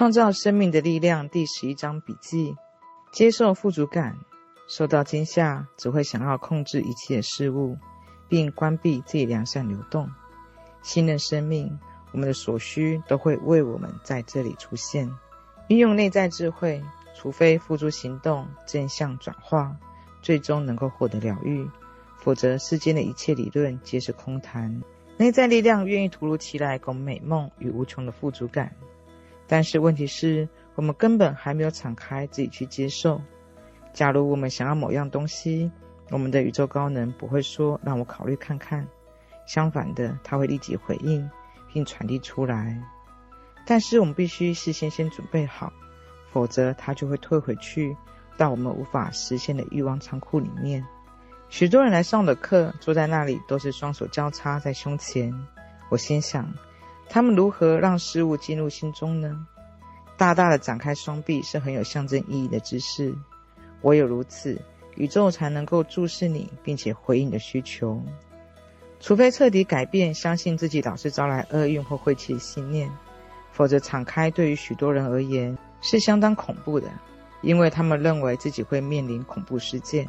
創造生命的力量第十一章筆記：接受富足感。受到驚嚇只會想要控制一切事物，並關閉自己良善流動。信任生命，我們的所需都會為我們在這裡出現。運用內在智慧，除非付諸行動，正向轉化，最終能夠獲得療癒，否則世間的一切理論皆是空談。內在力量願意突如其來，共美夢與無窮的富足感。但是問題是，我們根本還沒有敞開自己去接受。假如我們想要某樣東西，我們的宇宙高能不會說“讓我考慮看看”，相反的，它會立即回應並傳遞出來。但是我們必須事先先準備好，否則它就會退回去到我們無法實現的欲望倉庫裡面。許多人來上我的課，坐在那裡都是雙手交叉在胸前，我心想。他們如何讓事物進入心中呢？大大的展開雙臂是很有象徵意義的姿勢。唯有如此，宇宙才能夠注視你，並且回應你的需求。除非徹底改變相信自己老是招來厄運或晦氣的信念，否則敞開對於許多人而言是相當恐怖的，因為他們認為自己會面臨恐怖事件。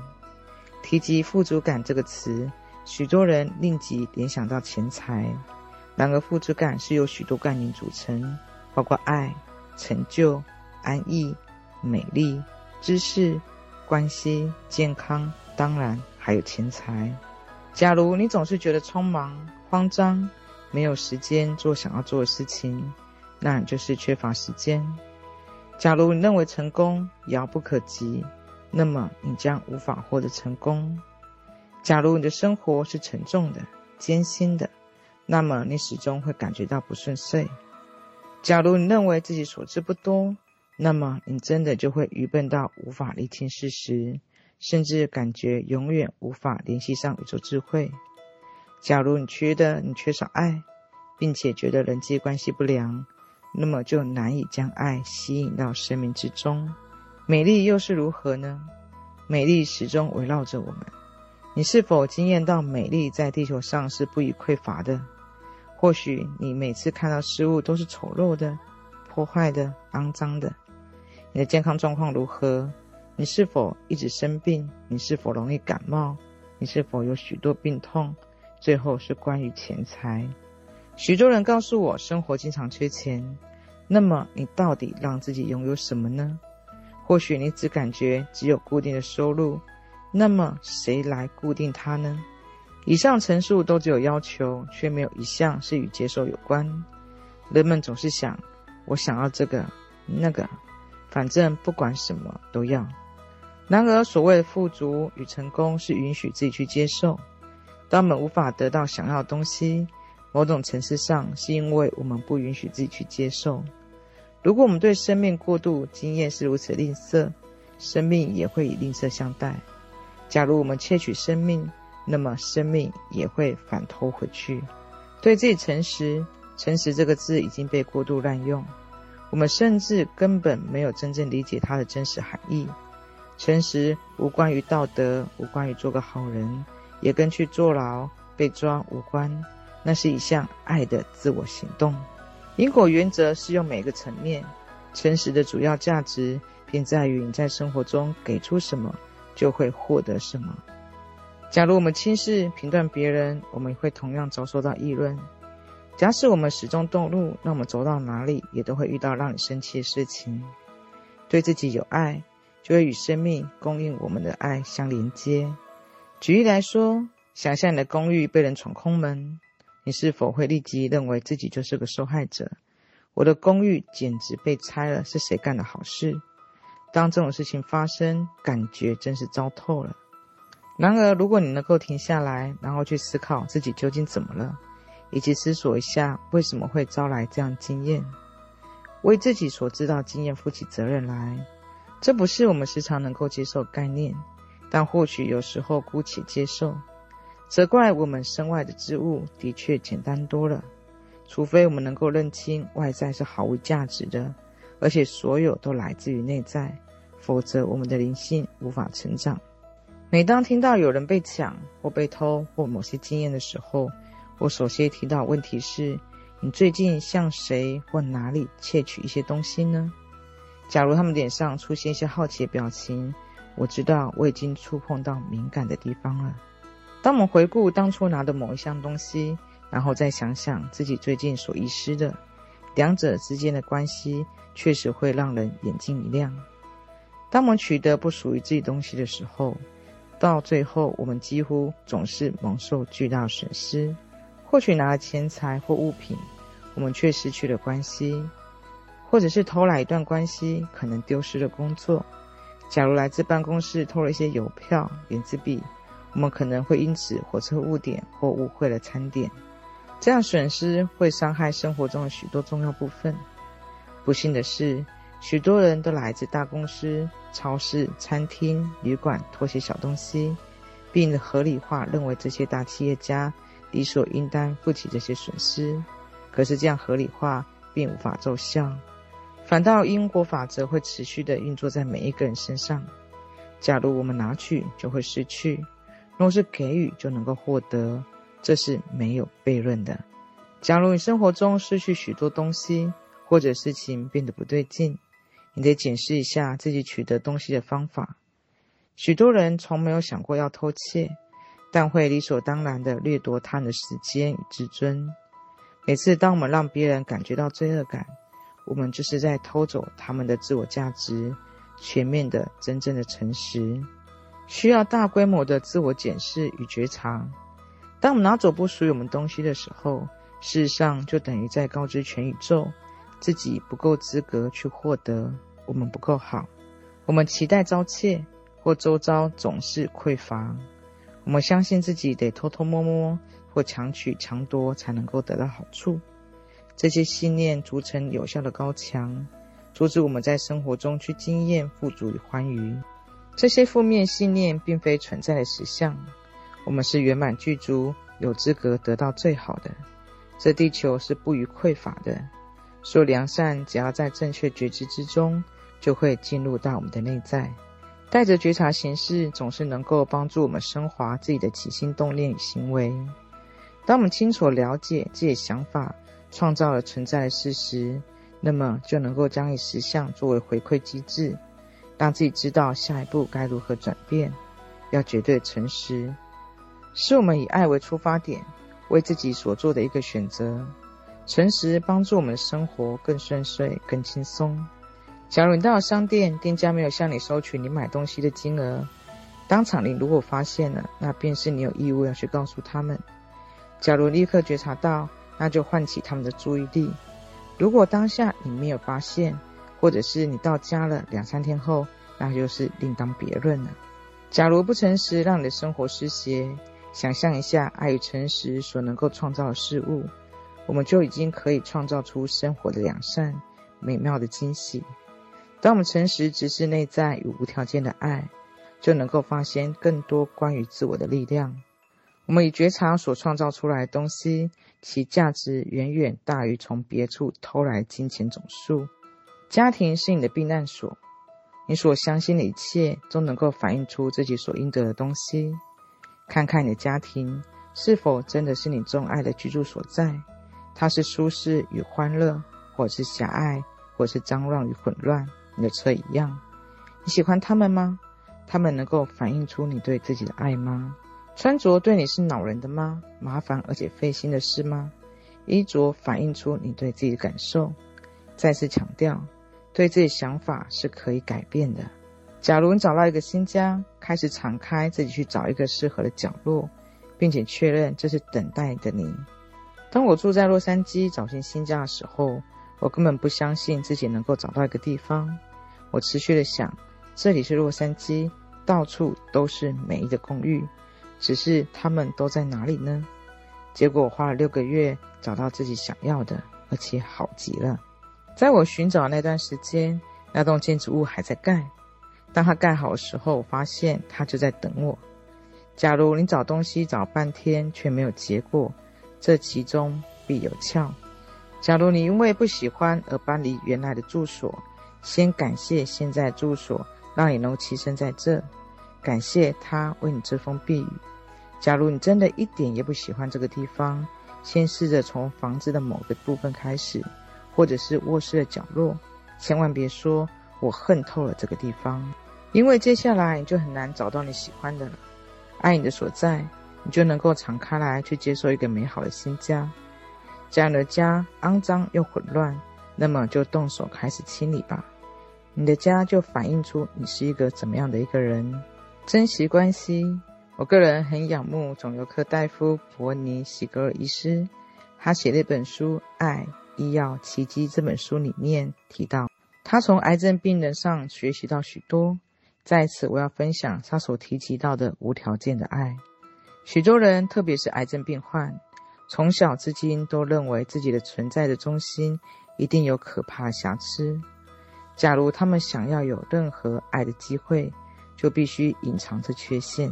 提及“富足感”這個詞，許多人立即聯想到錢財。然而，富足感是由許多概念組成，包括愛、成就、安逸、美麗、知識、關係、健康，當然還有錢財。假如你總是覺得匆忙、慌張，沒有時間做想要做的事情，那你就是缺乏時間。假如你認為成功遙不可及，那麼你將無法獲得成功。假如你的生活是沉重的、艱辛的。那麼你始終會感覺到不順遂。假如你認為自己所知不多，那麼你真的就會愚笨到無法理清事實，甚至感覺永遠無法聯繫上宇宙智慧。假如你覺得你缺少愛，並且覺得人際關係不良，那麼就難以將愛吸引到生命之中。美麗又是如何呢？美麗始終圍繞着我們。你是否經驗到美麗在地球上是不虞匱乏的？或許你每次看到事物都是醜陋的、破壞的、骯髒的。你的健康狀況如何？你是否一直生病？你是否容易感冒？你是否有許多病痛？最後是關於錢財。許多人告訴我，生活經常缺錢。那麼你到底讓自己擁有什麼呢？或許你只感覺只有固定的收入。那麼誰來固定它呢？以上陳述都只有要求，卻沒有一項是與接受有關。人們總是想：我想要這個、那個，反正不管什麼都要。然而，所謂的富足與成功是允許自己去接受。當我們無法得到想要的東西，某種程度上是因為我們不允許自己去接受。如果我們對生命過度經驗是如此吝嗇，生命也會以吝嗇相待。假如我們竊取生命，那麼，生命也會反投回去。對自己誠實，誠實這個字已經被過度濫用，我們甚至根本沒有真正理解它的真實含義。誠實無關於道德，無關於做個好人，也跟去坐牢、被抓無關。那是一項愛的自我行動。因果原則適用每一個層面。誠實的主要價值便在於你在生活中給出什麼，就會獲得什麼。假如我們輕視評斷別人，我們也會同樣遭受到議論；假使我們始終動怒，那我們走到哪裡也都會遇到讓你生氣的事情。對自己有愛，就會與生命供應我們的愛相連接。舉例來說，想像你的公寓被人闖空門，你是否會立即認為自己就是個受害者？我的公寓簡直被拆了，是誰幹的好事？當這種事情發生，感覺真是糟透了。然而，如果你能夠停下來，然後去思考自己究竟怎麼了，以及思索一下為什麼會招來這樣經驗，為自己所知道經驗負起責任來，這不是我們時常能夠接受的概念，但或許有時候姑且接受。責怪我們身外的之物的確簡單多了，除非我們能夠認清外在是毫無價值的，而且所有都來自於內在，否則我們的靈性無法成長。每當聽到有人被搶或被偷或某些經驗的時候，我首先提到問題是：你最近向誰或哪裡竊取一些東西呢？假如他們臉上出現一些好奇的表情，我知道我已經觸碰到敏感的地方了。當我們回顧當初拿的某一項東西，然後再想想自己最近所遺失的，兩者之間的關係確實會讓人眼睛一亮。當我們取得不屬於自己東西的時候，到最後，我們幾乎總是蒙受巨大的損失。或許拿了錢財或物品，我們卻失去了關係；或者是偷來一段關係，可能丟失了工作。假如來自辦公室偷了一些郵票、原子筆，我們可能會因此火車誤點或誤會了餐點。這樣損失會傷害生活中的許多重要部分。不幸的是。許多人都來自大公司、超市、餐廳、旅館，拖些小東西，並合理化，認為這些大企業家理所應當負起這些損失。可是這樣合理化並無法奏效，反倒因果法則會持續地運作在每一個人身上。假如我們拿去，就會失去；若是給予，就能夠獲得。這是沒有悖論的。假如你生活中失去許多東西，或者事情變得不對勁，你得檢視一下自己取得東西的方法。許多人從沒有想過要偷竊，但會理所當然的掠奪他們的時間與自尊。每次當我們讓別人感覺到罪惡感，我們就是在偷走他們的自我價值。全面的、真正的誠實需要大規模的自我檢視與覺察。當我們拿走不屬於我們東西的時候，事實上就等於在告知全宇宙，自己不夠資格去獲得，我們不夠好，我們期待遭竊，或周遭總是匱乏，我們相信自己得偷偷摸摸或強取強奪多才能夠得到好處。這些信念築成有效的高牆，阻止我們在生活中去經驗富足與歡愉。這些負面信念並非存在的實相，我們是圓滿具足，有資格得到最好的。這地球是不虞匱乏的。說良善，只要在正確覺知之中，就會進入到我們的內在。帶着覺察形式，總是能夠幫助我們升華自己的起心動念與行為。當我們清楚了解自己的想法創造了存在的事實，那麼就能夠將以實相作為回饋機制，讓自己知道下一步該如何轉變。要絕對誠實，是我們以愛為出發點，為自己所做的一個選擇。誠實幫助我們的生活更順遂、更輕鬆。假如你到了商店，店家沒有向你收取你買東西的金額，當場你如果發現了，那便是你有義務要去告訴他們。假如立刻覺察到，那就喚起他們的注意力。如果當下你沒有發現，或者是你到家了兩三天後，那就是另當別論了。假如不誠實讓你的生活失邪，想象一下愛與誠實所能夠創造的事物。我們就已經可以創造出生活的良善、美妙的驚喜。當我們誠實直視內在與無條件的愛，就能夠發現更多關於自我的力量。我們以覺察所創造出來的東西，其價值遠遠大於從別處偷來的金錢總數。家庭是你的避難所，你所相信的一切都能夠反映出自己所應得的東西。看看你的家庭是否真的是你鍾愛的居住所在。它是舒適與歡樂，或是狹隘，或是髒亂與混亂。你的車一樣，你喜歡它們嗎？它們能夠反映出你對自己的愛嗎？穿着對你是惱人的嗎？麻煩而且費心的事嗎？衣着反映出你對自己的感受。再次強調，對自己想法是可以改變的。假如你找到一個新家，開始敞開自己去找一個適合的角落，並且確認這是等待的你。當我住在洛杉磯找尋新家的時候，我根本不相信自己能夠找到一個地方。我持續的想，這裡是洛杉磯，到處都是美麗的公寓，只是它們都在哪裡呢？結果我花了六個月找到自己想要的，而且好極了。在我尋找那段時間，那棟建築物還在蓋。當它蓋好的時候，我發現它就在等我。假如你找東西找半天卻沒有結果。這其中必有竅。假如你因為不喜歡而搬離原來的住所，先感謝現在住所讓你能棲身在這，感謝它為你遮風避雨。假如你真的一點也不喜歡這個地方，先試着從房子的某個部分開始，或者是臥室的角落。千萬別說“我恨透了這個地方”，因為接下來你就很難找到你喜歡的了，愛你的所在。你就能夠敞開來去接受一個美好的新家。這樣的家骯髒又混亂，那麼就動手開始清理吧。你的家就反映出你是一個怎麼樣的一個人。珍惜關係，我個人很仰慕腫瘤科大夫伯尼·希格爾醫師，他寫了一本書《愛醫藥奇蹟》。這本書裡面提到，他從癌症病人上學習到許多。在此，我要分享他所提及到的無條件的愛。許多人，特別是癌症病患，從小至今都認為自己的存在的中心一定有可怕瑕疵。假如他們想要有任何愛的機會，就必須隱藏這缺陷。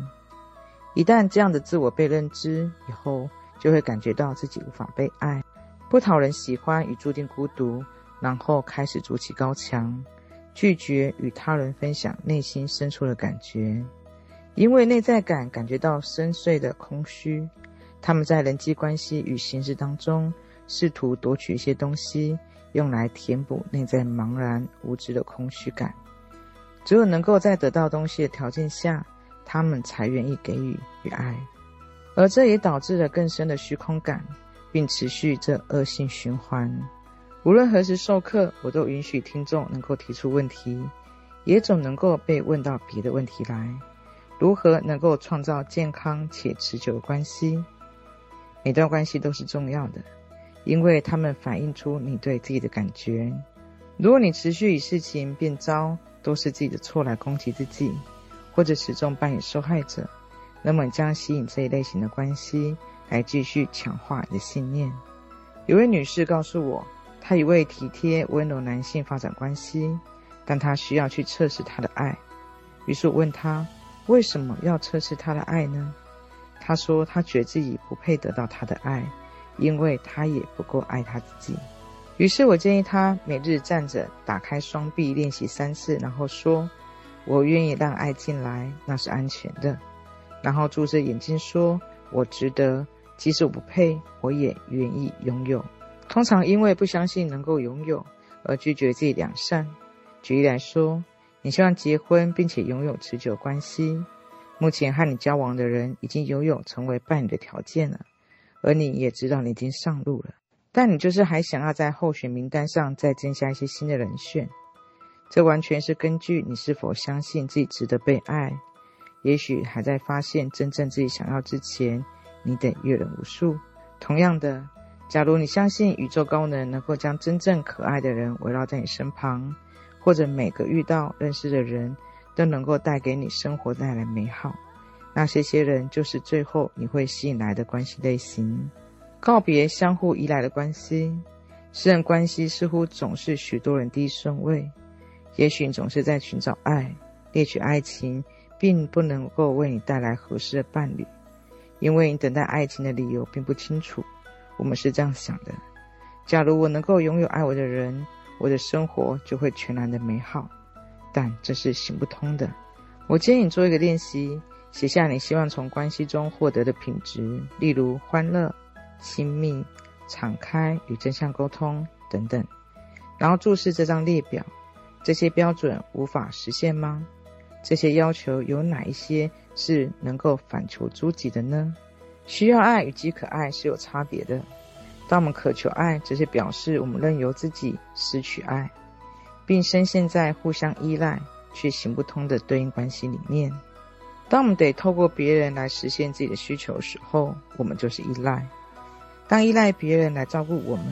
一旦這樣的自我被認知以後，就會感覺到自己無法被愛、不討人喜歡與注定孤獨，然後開始築起高牆，拒絕與他人分享內心深處的感覺。因為內在感感覺到深邃的空虛，他們在人際關係與形式當中試圖奪取一些東西，用來填補內在茫然無知的空虛感。只有能夠在得到東西的條件下，他們才願意給予與愛，而這也導致了更深的虛空感，並持續這惡性循環。無論何時授課，我都允許聽眾能夠提出問題，也總能夠被問到別的問題來。如何能夠創造健康且持久的關係？每段關係都是重要的，因為它們反映出你對自己的感覺。如果你持續以事情變糟都是自己的錯來攻擊自己，或者始終扮演受害者，那麼你將吸引這一類型的關係來繼續強化你的信念。有位女士告訴我，她與一位體貼溫柔男性發展關係，但她需要去測試他的愛。於是我問她，為什麼要測試他的愛呢？他說他覺得自己不配得到他的愛，因為他也不夠愛他自己。於是我建議他每日站着，打開雙臂練習三次，然後說：“我願意讓愛進來，那是安全的。”然後閉著眼睛說：“我值得，即使我不配，我也願意擁有。”通常因為不相信能夠擁有而拒絕自己良善。舉例來說。你希望結婚並且擁有持久關係，目前和你交往的人已經擁有成為伴侶的條件了，而你也知道你已經上路了，但你就是還想要在候選名單上再增加一些新的人選。這完全是根據你是否相信自己值得被愛。也許還在發現真正自己想要之前，你得閱人無數。同樣的，假如你相信宇宙高能能夠將真正可愛的人圍繞在你身旁。或者每個遇到認識的人都能夠帶給你生活帶來美好，那些些人就是最後你會吸引來的關係類型。告別相互依賴的關係，私人關係似乎總是許多人第一順位。也許你總是在尋找愛，獵取愛情並不能夠為你帶來合適的伴侶，因為你等待愛情的理由並不清楚。我們是這樣想的：假如我能夠擁有愛我的人。我的生活就會全然的美好，但這是行不通的。我建議你做一個練習，寫下你希望從關係中獲得的品質，例如歡樂、親密、敞開與真相溝通等等。然後注視這張列表，這些標準無法實現嗎？這些要求有哪一些是能夠反求諸己的呢？需要愛與極可愛是有差別的。當我們渴求愛，只是表示我們任由自己失去愛，並深陷在互相依賴卻行不通的對應關係裡面。當我們得透過別人來實現自己的需求時候，我們就是依賴。當依賴別人來照顧我們，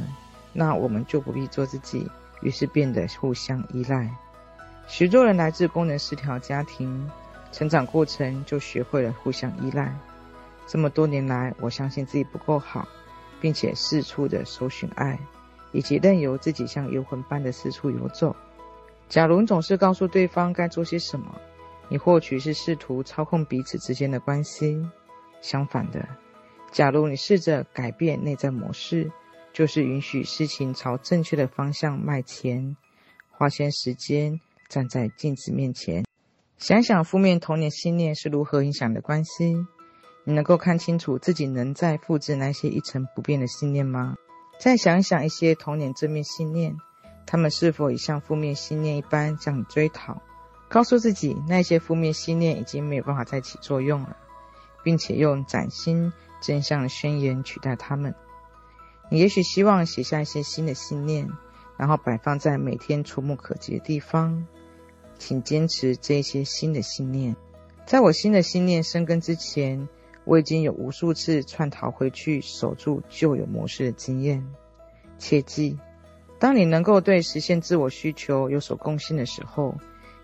那我們就不必做自己，於是變得互相依賴。許多人來自功能失調家庭，成長過程就學會了互相依賴。這麼多年來，我相信自己不夠好。並且四處的搜尋愛，以及任由自己像游魂般的四處遊走。假如你總是告訴對方該做些什麼，你或許是試圖操控彼此之間的關係。相反的，假如你試着改變內在模式，就是允許事情朝正確的方向邁前。花些時間站在鏡子面前，想想負面童年信念是如何影響你的關係。你能夠看清楚自己能在複製那些一成不變的信念嗎？再想一想一些童年正面信念，他們是否也像負面信念一般向你追討？告訴自己，那些負面信念已經沒有辦法再起作用了，並且用嶄新正向的宣言取代他們。你也許希望寫下一些新的信念，然後擺放在每天觸目可及的地方。請堅持這些新的信念。在我新的信念生根之前。我已經有無數次串逃回去守住舊有模式的經驗。切記，當你能夠對實現自我需求有所貢獻的時候，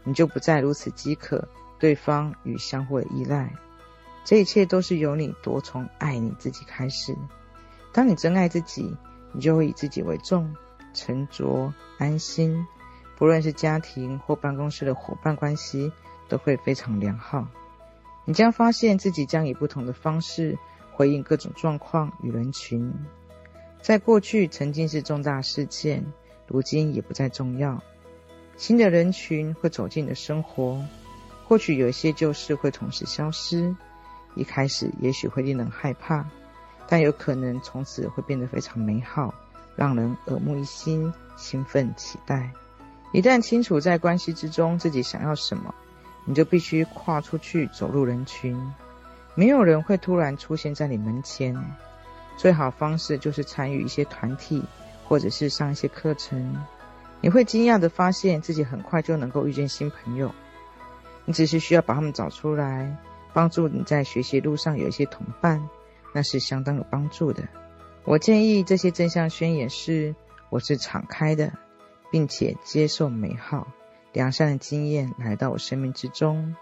你就不再如此飢渴，對方與相互的依賴。這一切都是由你多從愛你自己開始。當你真愛自己，你就會以自己為重，沉着安心。不論是家庭或辦公室的夥伴關係，都會非常良好。你將發現自己將以不同的方式回應各種狀況與人群，在過去曾經是重大事件，如今也不再重要。新的人群會走進你的生活，或許有一些舊事會同時消失。一開始也許會令人害怕，但有可能從此會變得非常美好，讓人耳目一新、興奮期待。一旦清楚在關係之中自己想要什麼，你就必須跨出去走入人群，沒有人會突然出現在你門前。最好方式就是參與一些團體，或者是上一些課程。你會驚訝地發現自己很快就能夠遇見新朋友。你只是需要把他們找出來，幫助你在學習路上有一些同伴，那是相當有幫助的。我建議這些正向宣言是：我是敞開的，並且接受美好。良善的經驗來到我生命之中，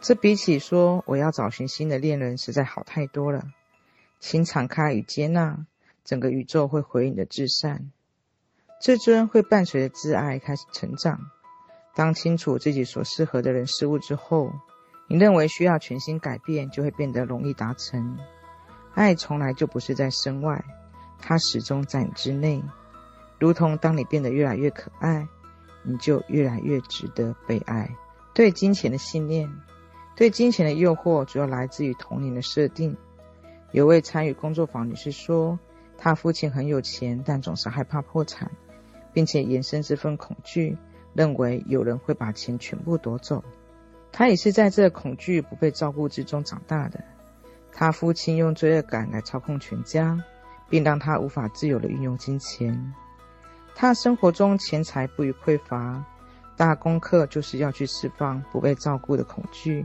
這比起說我要找尋新的戀人，實在好太多了。請敞開與接納，整個宇宙會回應你的至善，至尊會伴隨着自愛開始成長。當清楚自己所適合的人事物之後，你認為需要全新改變，就會變得容易達成。愛從來就不是在身外，它始終在你之內。如同當你變得越來越可愛。你就越來越值得被愛。對金錢的信念，對金錢的匱乏，主要來自於童年的設定。有位參與工作坊女士說，她父親很有錢，但總是害怕破產，並且延伸這份恐懼，認為有人會把錢全部奪走。她也是在這個恐懼不被照顧之中長大的。她父親用罪惡感來操控全家，並讓她無法自由地運用金錢。他生活中錢財不虞匱乏，大功課就是要去釋放不被照顧的恐懼。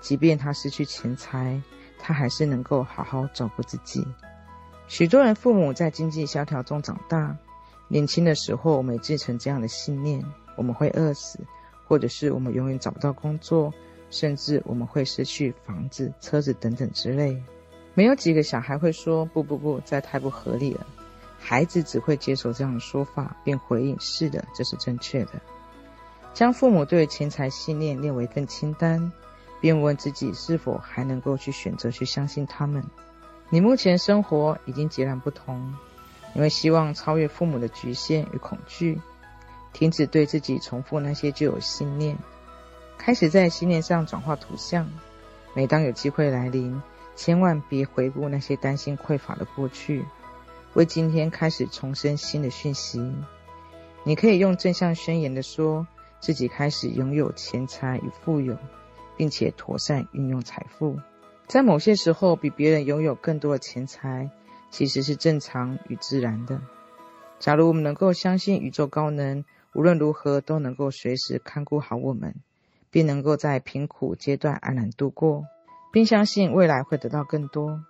即便他失去錢財，他還是能夠好好照顧自己。許多人父母在經濟蕭條中長大，年輕的時候沒繼承這樣的信念：我們會餓死，或者是我們永遠找不到工作，甚至我們會失去房子、車子等等之類。沒有幾個小孩會說：“不不不，這太不合理了。”孩子只會接受這樣的說法，並回應“是的，這是正確的。”將父母對錢財信念列為一份清單，便問自己是否還能夠去選擇去相信他們。你目前生活已經截然不同，你會希望超越父母的局限與恐懼，停止對自己重複那些舊有信念，開始在信念上轉化圖像。每當有機會來臨，千萬別回顧那些擔心匱乏的過去。為今天開始重申新的訊息，你可以用正向宣言的說，自己開始擁有錢財與富有，並且妥善運用財富。在某些時候，比別人擁有更多的錢財，其實是正常與自然的。假如我們能夠相信宇宙高能，無論如何都能夠隨時看顧好我們，並能夠在貧苦階段安然度過，並相信未來會得到更多。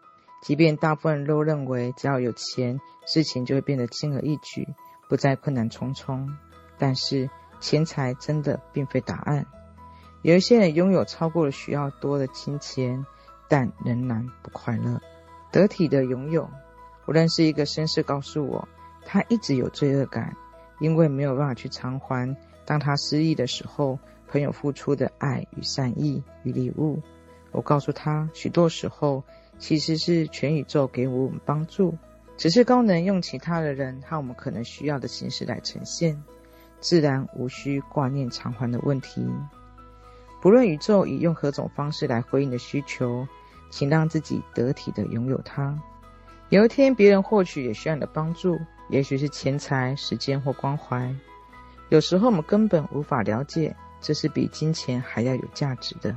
即便大部分人都認為，只要有錢，事情就會變得輕而易舉，不再困難重重。但是，錢財真的並非答案。有一些人擁有超過了需要多的金錢，但仍然不快樂。得體的擁有。我認識一個紳士，告訴我，他一直有罪惡感，因為沒有辦法去償還當他失意的時候，朋友付出的愛與善意與禮物。我告訴他，許多時候。其實是全宇宙給我們幫助，只是功能用其他的人和我們可能需要的形式來呈現，自然無需掛念償還的問題。不論宇宙以用何種方式來回應你的需求，請讓自己得體的擁有它。有一天，別人或許也需要你的幫助，也許是錢財、時間或關懷。有時候，我們根本無法了解，這是比金錢還要有價值的。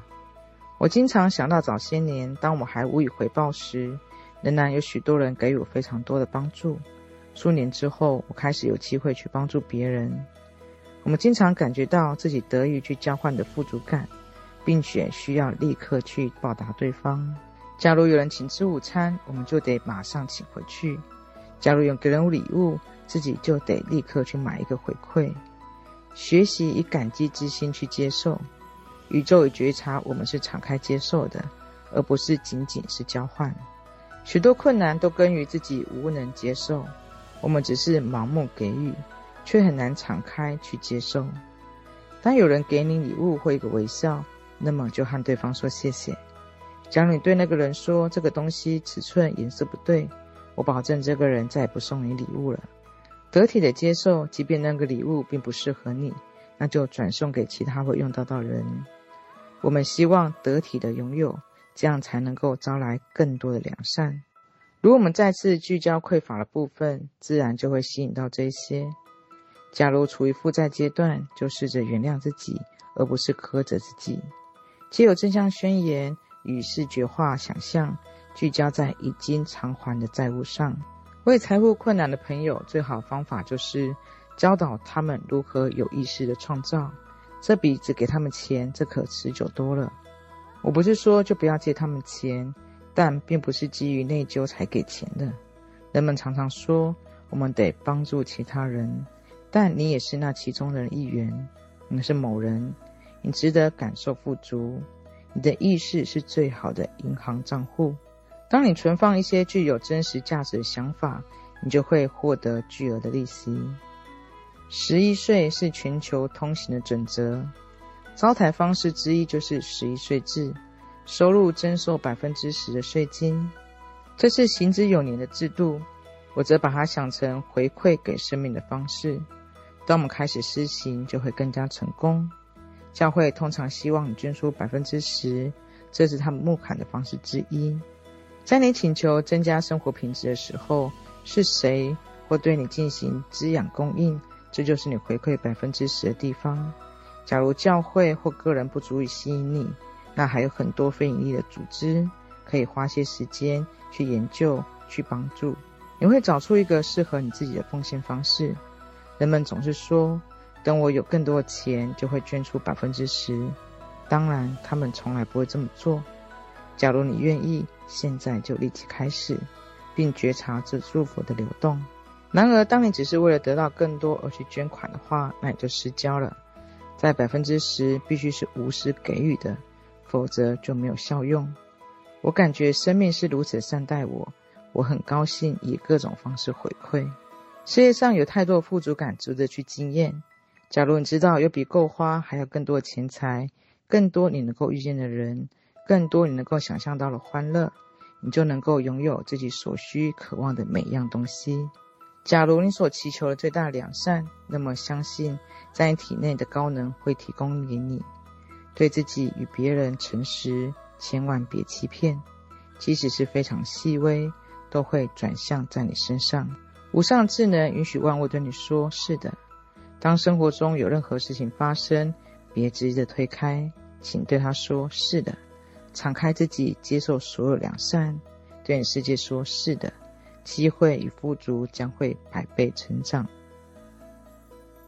我經常想到早些年，當我還無以回報時，仍然有許多人給予我非常多的幫助。數年之後，我開始有機會去幫助別人。我們經常感覺到自己得以去交換的富足感，並且需要立刻去報答對方。假如有人請吃午餐，我們就得馬上請回去；假如有人給禮物，自己就得立刻去買一個回饋。學習以感激之心去接受。宇宙與覺察，我們是敞開接受的，而不是僅僅是交換。許多困難都根於自己無能接受。我們只是盲目給予，卻很難敞開去接受。當有人給你禮物或一個微笑，那麼就和對方說謝謝。假如你對那個人說這個東西尺寸、顏色不對，我保證這個人再也不送你禮物了。得體的接受，即便那個禮物並不適合你，那就轉送給其他會用到的人。我們希望得體的擁有，這樣才能夠招來更多的良善。如果我們再次聚焦匱乏的部分，自然就會吸引到這些。假如處於負債階段，就試着原諒自己，而不是苛責自己。藉由正向宣言與視覺化想象，聚焦在已經償還的債務上。為財務困難的朋友，最好方法就是教導他們如何有意識的創造。這比只給他們錢，這可持久多了。我不是說就不要借他們錢，但並不是基於內疚才給錢的。人們常常說我們得幫助其他人，但你也是那其中的一員。你是某人，你值得感受富足。你的意識是最好的銀行賬戶。當你存放一些具有真實價值的想法，你就會獲得巨額的利息。十一稅是全球通行的準則，招財方式之一就是十一稅制，收入徵收百分之十的稅金，這是行之有年的制度。我則把它想成回饋給生命的方式。當我們開始施行，就會更加成功。教會通常希望你捐出百分之十，這是他們募款的方式之一。在你請求增加生活品質的時候，是誰會對你進行滋養供應？這就是你回饋百分之十的地方。假如教會或個人不足以吸引你，那還有很多非盈利的組織可以花些時間去研究、去幫助。你會找出一個適合你自己的奉獻方式。人們總是說，等我有更多的錢就會捐出百分之十。當然，他們從來不會這麼做。假如你願意，現在就立即開始，並覺察這祝福的流動。然而，當你只是為了得到更多而去捐款的話，那你就失焦了。在百分之十必須是無私給予的，否則就沒有效用。我感覺生命是如此善待我，我很高興以各種方式回饋。世界上有太多的富足感值得去經驗。假如你知道有比夠花還要更多的錢財，更多你能夠遇見的人，更多你能夠想象到的歡樂，你就能夠擁有自己所需渴望的每一樣東西。假如你所祈求的最大的良善，那麼相信在你體內的高能會提供給你。對自己與別人誠實，千萬別欺騙，即使是非常細微，都會轉向在你身上。無上智能允許萬物對你說是的。當生活中有任何事情發生，別急着推開，請對他說是的。敞開自己，接受所有良善，對你世界說：是的。機會與富足將會百倍成長。